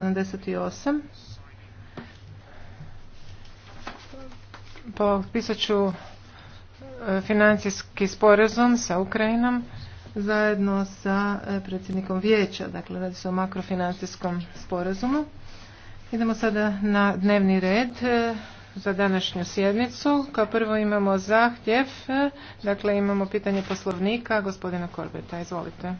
78. popisat ću e, financijski sporazum sa Ukrajinom zajedno sa e, predsjednikom vijeća, dakle radi se o makrofinancijskom sporazumu. Idemo sada na dnevni red e, za današnju sjednicu. Kao prvo imamo zahtjev, dakle imamo pitanje poslovnika gospodina Korbeta. Izvolite.